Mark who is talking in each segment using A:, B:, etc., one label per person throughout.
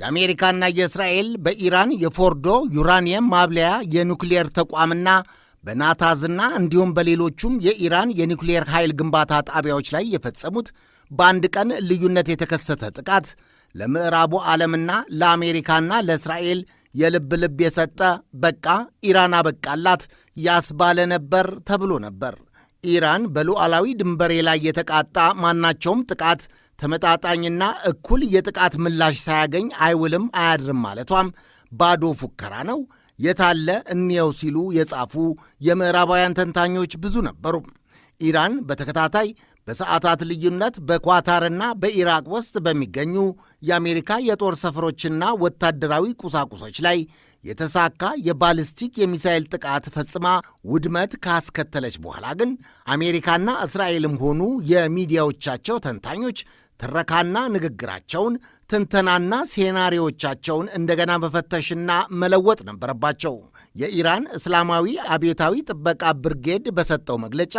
A: የአሜሪካና የእስራኤል በኢራን የፎርዶ ዩራኒየም ማብለያ የኑክሌር ተቋምና በናታዝና እንዲሁም በሌሎቹም የኢራን የኒውክሌር ኃይል ግንባታ ጣቢያዎች ላይ የፈጸሙት በአንድ ቀን ልዩነት የተከሰተ ጥቃት ለምዕራቡ ዓለምና ለአሜሪካና ለእስራኤል የልብ ልብ የሰጠ በቃ ኢራን አበቃላት ያስባለ ነበር ተብሎ ነበር። ኢራን በሉዓላዊ ድንበሬ ላይ የተቃጣ ማናቸውም ጥቃት ተመጣጣኝና እኩል የጥቃት ምላሽ ሳያገኝ አይውልም አያድርም ማለቷም ባዶ ፉከራ ነው። የታለ እንየው ሲሉ የጻፉ የምዕራባውያን ተንታኞች ብዙ ነበሩ። ኢራን በተከታታይ በሰዓታት ልዩነት በኳታርና በኢራቅ ውስጥ በሚገኙ የአሜሪካ የጦር ሰፈሮችና ወታደራዊ ቁሳቁሶች ላይ የተሳካ የባሊስቲክ የሚሳይል ጥቃት ፈጽማ ውድመት ካስከተለች በኋላ ግን አሜሪካና እስራኤልም ሆኑ የሚዲያዎቻቸው ተንታኞች ትረካና ንግግራቸውን ትንተናና ሴናሪዎቻቸውን እንደገና መፈተሽና መለወጥ ነበረባቸው። የኢራን እስላማዊ አብዮታዊ ጥበቃ ብርጌድ በሰጠው መግለጫ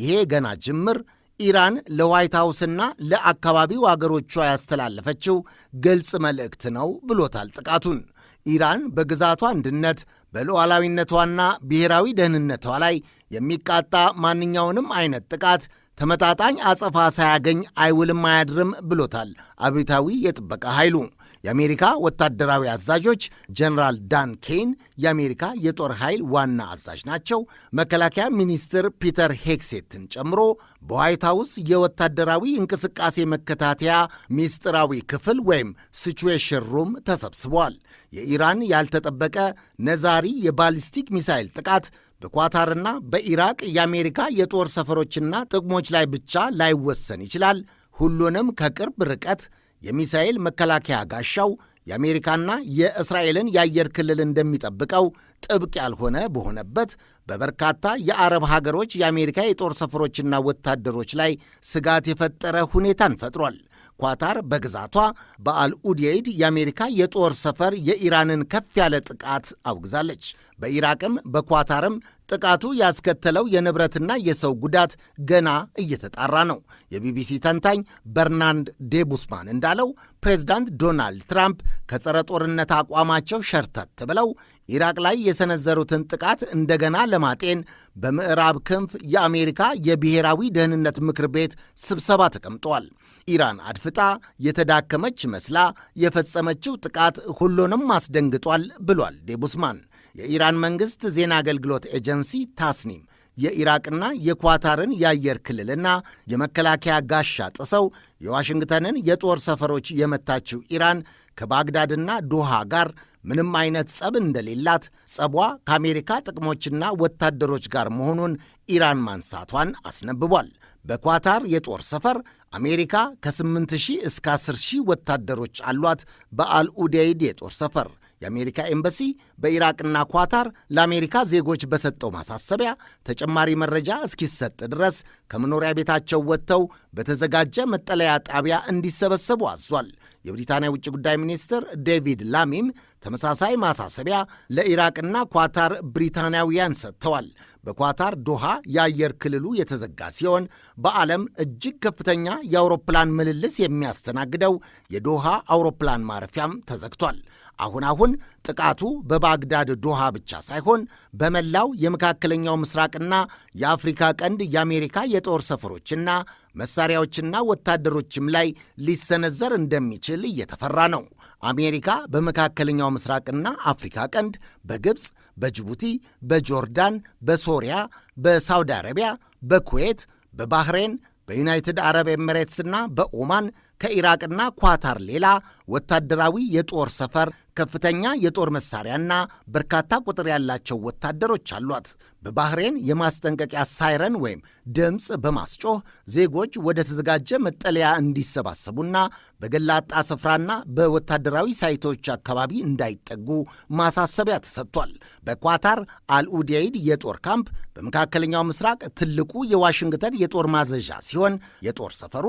A: ይሄ ገና ጅምር ኢራን ለዋይት ሀውስና ለአካባቢው አገሮቿ ያስተላለፈችው ግልጽ መልእክት ነው ብሎታል። ጥቃቱን ኢራን በግዛቷ አንድነት በሉዓላዊነቷና ብሔራዊ ደህንነቷ ላይ የሚቃጣ ማንኛውንም አይነት ጥቃት ተመጣጣኝ አጸፋ ሳያገኝ አይውልም አያድርም ብሎታል አብዮታዊ የጥበቃ ኃይሉ። የአሜሪካ ወታደራዊ አዛዦች ጀነራል ዳን ኬን የአሜሪካ የጦር ኃይል ዋና አዛዥ ናቸው። መከላከያ ሚኒስትር ፒተር ሄክሴትን ጨምሮ በዋይት ሀውስ የወታደራዊ እንቅስቃሴ መከታተያ ሚስጥራዊ ክፍል ወይም ሲቹዌሽን ሩም ተሰብስቧል። የኢራን ያልተጠበቀ ነዛሪ የባሊስቲክ ሚሳይል ጥቃት በኳታርና በኢራቅ የአሜሪካ የጦር ሰፈሮችና ጥቅሞች ላይ ብቻ ላይወሰን ይችላል። ሁሉንም ከቅርብ ርቀት የሚሳኤል መከላከያ ጋሻው የአሜሪካና የእስራኤልን የአየር ክልል እንደሚጠብቀው ጥብቅ ያልሆነ በሆነበት በበርካታ የአረብ ሀገሮች የአሜሪካ የጦር ሰፈሮችና ወታደሮች ላይ ስጋት የፈጠረ ሁኔታን ፈጥሯል። ኳታር በግዛቷ በአልኡዴይድ የአሜሪካ የጦር ሰፈር የኢራንን ከፍ ያለ ጥቃት አውግዛለች። በኢራቅም በኳታርም ጥቃቱ ያስከተለው የንብረትና የሰው ጉዳት ገና እየተጣራ ነው። የቢቢሲ ተንታኝ በርናንድ ዴቡስማን እንዳለው ፕሬዝዳንት ዶናልድ ትራምፕ ከጸረ ጦርነት አቋማቸው ሸርተት ብለው ኢራቅ ላይ የሰነዘሩትን ጥቃት እንደገና ለማጤን በምዕራብ ክንፍ የአሜሪካ የብሔራዊ ደህንነት ምክር ቤት ስብሰባ ተቀምጧል። ኢራን አድፍጣ የተዳከመች መስላ የፈጸመችው ጥቃት ሁሉንም አስደንግጧል ብሏል ዴቡስማን። የኢራን መንግሥት ዜና አገልግሎት ኤጀንሲ ታስኒም የኢራቅና የኳታርን የአየር ክልልና የመከላከያ ጋሻ ጥሰው የዋሽንግተንን የጦር ሰፈሮች የመታችው ኢራን ከባግዳድና ዶሃ ጋር ምንም አይነት ጸብ እንደሌላት፣ ጸቧ ከአሜሪካ ጥቅሞችና ወታደሮች ጋር መሆኑን ኢራን ማንሳቷን አስነብቧል። በኳታር የጦር ሰፈር አሜሪካ ከ8 ሺህ እስከ 10 ሺህ ወታደሮች አሏት። በአልኡዴይድ የጦር ሰፈር የአሜሪካ ኤምባሲ በኢራቅና ኳታር ለአሜሪካ ዜጎች በሰጠው ማሳሰቢያ ተጨማሪ መረጃ እስኪሰጥ ድረስ ከመኖሪያ ቤታቸው ወጥተው በተዘጋጀ መጠለያ ጣቢያ እንዲሰበሰቡ አዟል። የብሪታንያ ውጭ ጉዳይ ሚኒስትር ዴቪድ ላሚም ተመሳሳይ ማሳሰቢያ ለኢራቅና ኳታር ብሪታንያውያን ሰጥተዋል። በኳታር ዶሃ የአየር ክልሉ የተዘጋ ሲሆን በዓለም እጅግ ከፍተኛ የአውሮፕላን ምልልስ የሚያስተናግደው የዶሃ አውሮፕላን ማረፊያም ተዘግቷል። አሁን አሁን ጥቃቱ በባግዳድ ዶሃ ብቻ ሳይሆን በመላው የመካከለኛው ምስራቅና የአፍሪካ ቀንድ የአሜሪካ የጦር ሰፈሮችና መሳሪያዎችና ወታደሮችም ላይ ሊሰነዘር እንደሚችል እየተፈራ ነው። አሜሪካ በመካከለኛው ምስራቅና አፍሪካ ቀንድ በግብፅ፣ በጅቡቲ፣ በጆርዳን፣ በሶሪያ፣ በሳውዲ አረቢያ፣ በኩዌት፣ በባህሬን፣ በዩናይትድ አረብ ኤምሬትስና በኦማን ከኢራቅና ኳታር ሌላ ወታደራዊ የጦር ሰፈር ከፍተኛ የጦር መሳሪያና በርካታ ቁጥር ያላቸው ወታደሮች አሏት። በባህሬን የማስጠንቀቂያ ሳይረን ወይም ድምፅ በማስጮህ ዜጎች ወደ ተዘጋጀ መጠለያ እንዲሰባሰቡና በገላጣ ስፍራና በወታደራዊ ሳይቶች አካባቢ እንዳይጠጉ ማሳሰቢያ ተሰጥቷል። በኳታር አልኡዴይድ የጦር ካምፕ በመካከለኛው ምስራቅ ትልቁ የዋሽንግተን የጦር ማዘዣ ሲሆን የጦር ሰፈሩ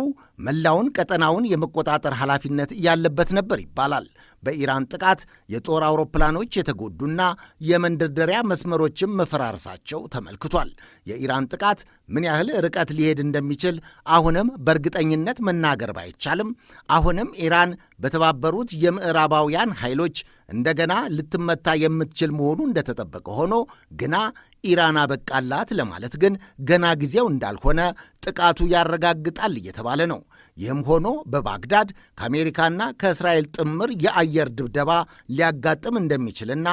A: መላውን ቀጠናውን የመቆጣጠር ኃላፊነት ያለበት ነበር ይባላል። በኢራን ጥቃት የጦር አውሮፕላኖች የተጎዱና የመንደርደሪያ መስመሮችም መፈራረሳቸው ተመልክቷል። የኢራን ጥቃት ምን ያህል ርቀት ሊሄድ እንደሚችል አሁንም በእርግጠኝነት መናገር ባይቻልም አሁንም ኢራን በተባበሩት የምዕራባውያን ኃይሎች እንደገና ልትመታ የምትችል መሆኑ እንደተጠበቀ ሆኖ ግና ኢራን አበቃላት ለማለት ግን ገና ጊዜው እንዳልሆነ ጥቃቱ ያረጋግጣል እየተባለ ነው። ይህም ሆኖ በባግዳድ ከአሜሪካና ከእስራኤል ጥምር የአየር ድብደባ ሊያጋጥም እንደሚችልና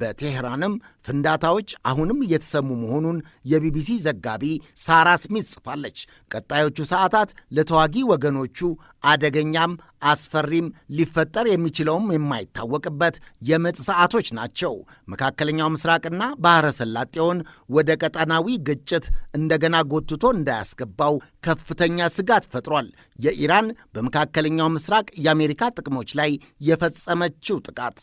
A: በቴህራንም ፍንዳታዎች አሁንም እየተሰሙ መሆኑን የቢቢሲ ዘጋቢ ሳራ ስሚት ጽፋለች። ቀጣዮቹ ሰዓታት ለተዋጊ ወገኖቹ አደገኛም አስፈሪም ሊፈጠር የሚችለውም የማይታወቅበት የምጥ ሰዓቶች ናቸው። መካከለኛው ምስራቅና ባህረ ሰላጤውን ወደ ቀጠናዊ ግጭት እንደገና ጎትቶ እንዳያስገባው ከፍተኛ ስጋት ፈጥሯል። የኢራን በመካከለኛው ምስራቅ የአሜሪካ ጥቅሞች ላይ የፈጸመችው ጥቃት